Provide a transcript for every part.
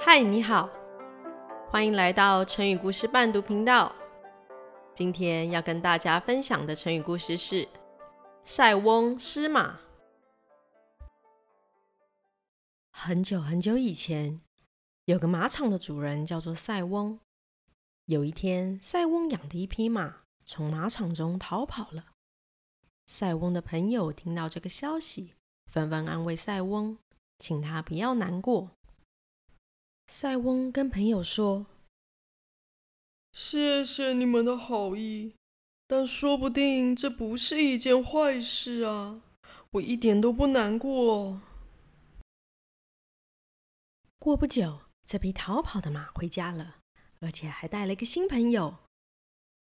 嗨，你好，歡迎來到成語故事伴讀頻道。今天要跟大家分享的成語故事是“塞翁失馬”。很久很久以前，有個馬場的主人叫做塞翁。有一天，塞翁養的一匹馬從馬場中逃跑了。塞翁的朋友聽到這個消息，紛紛安慰塞翁，請他不要難過。塞翁跟朋友說：“謝謝你們的好意，但說不定這不是一件壞事啊！我一點都不難過。”過不久，這匹逃跑的馬回家了，而且還帶了一個新朋友。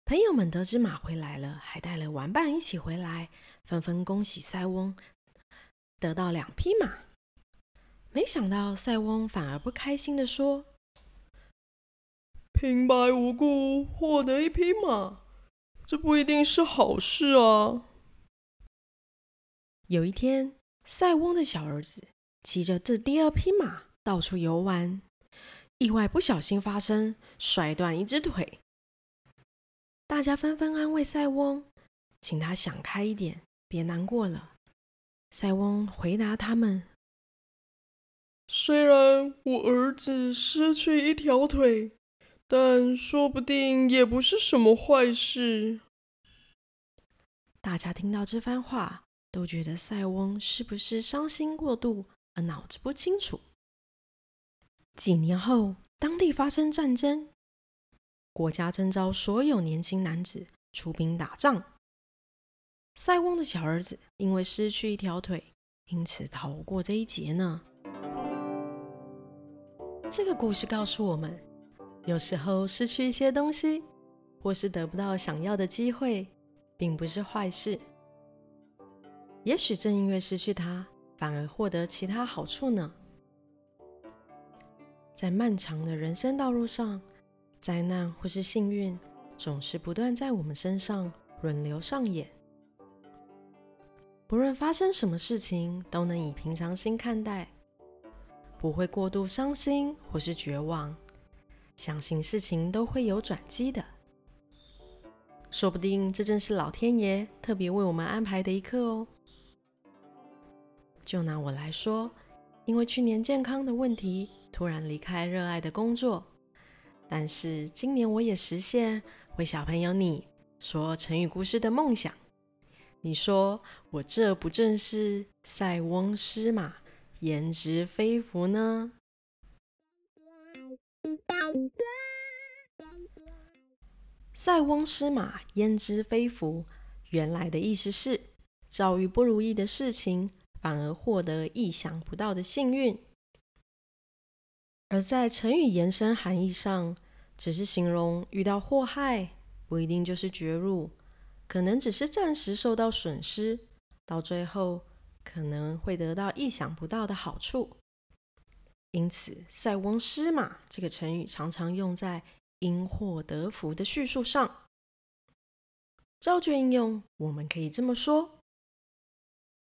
朋友們得知馬回來了，還帶了玩伴一起回來，紛紛恭喜塞翁，得到兩匹馬。沒想到塞翁反而不開心的說：“平白無故獲得一匹馬，這不一定是好事啊。”有一天，塞翁的小兒子騎着這第二匹馬到處遊玩，意外不小心發生，摔斷一只腿。大家紛紛安慰塞翁，請他想開一點，別難過了。塞翁回答他們。雖然我兒子失去一條腿，但說不定也不是什麼壞事。大家聽到這番話，都覺得塞翁是不是傷心過度，而腦子不清楚？幾年後，當地發生戰爭，國家徵召所有年輕男子出兵打仗。塞翁的小兒子因為失去一條腿，因此逃過這一劫呢。這個故事告訴我們，有時候失去一些東西，或是得不到想要的機會，並不是壞事。也許正因為失去它，反而獲得其他好處呢。在漫長的人生道路上，災難或是幸運，總是不斷在我們身上輪流上演。不論發生什麼事情，都能以平常心看待。不會過度傷心或是絕望，相信事情都會有轉機的。說不定這正是老天爺特別為我們安排的一刻哦。就拿我來說，因為去年健康的問題，突然離開熱愛的工作，但是今年我也實現為小朋友你說成語故事的夢想。你說我這不正是塞翁失馬？焉知非福呢？塞翁失馬，焉知非福？原來的意思是遭遇不如意的事情，反而獲得意想不到的幸運。而在成語延伸含義上，只是形容遇到禍害，不一定就是絕路，可能只是暫時受到損失，到最後。可能會得到意想不到的好處，因此“塞翁失馬”這個成語常常用在因禍得福的敘述上。造句應用，我們可以這麼說：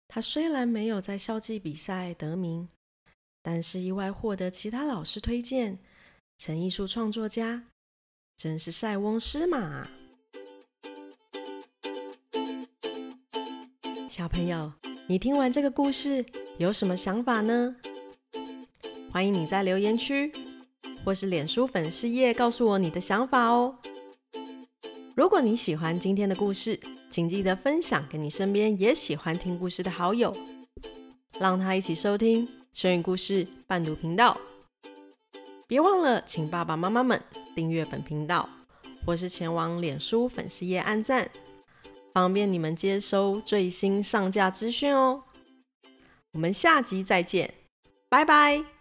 他雖然沒有在校際比賽得名，但是意外獲得其他老師推薦，成藝術創作家，真是塞翁失馬啊。小朋友。你聽完這個故事有什麼想法呢？歡迎你在留言區或是臉書粉絲頁告訴我你的想法哦。如果你喜歡今天的故事，請記得分享給你身邊也喜歡聽故事的好友，讓他一起收聽成語故事伴讀頻道。別忘了請爸爸媽媽們訂閱本頻道，或是前往臉書粉絲頁按讚。方便你們接收最新上架資訊哦，我們下集再見，拜拜。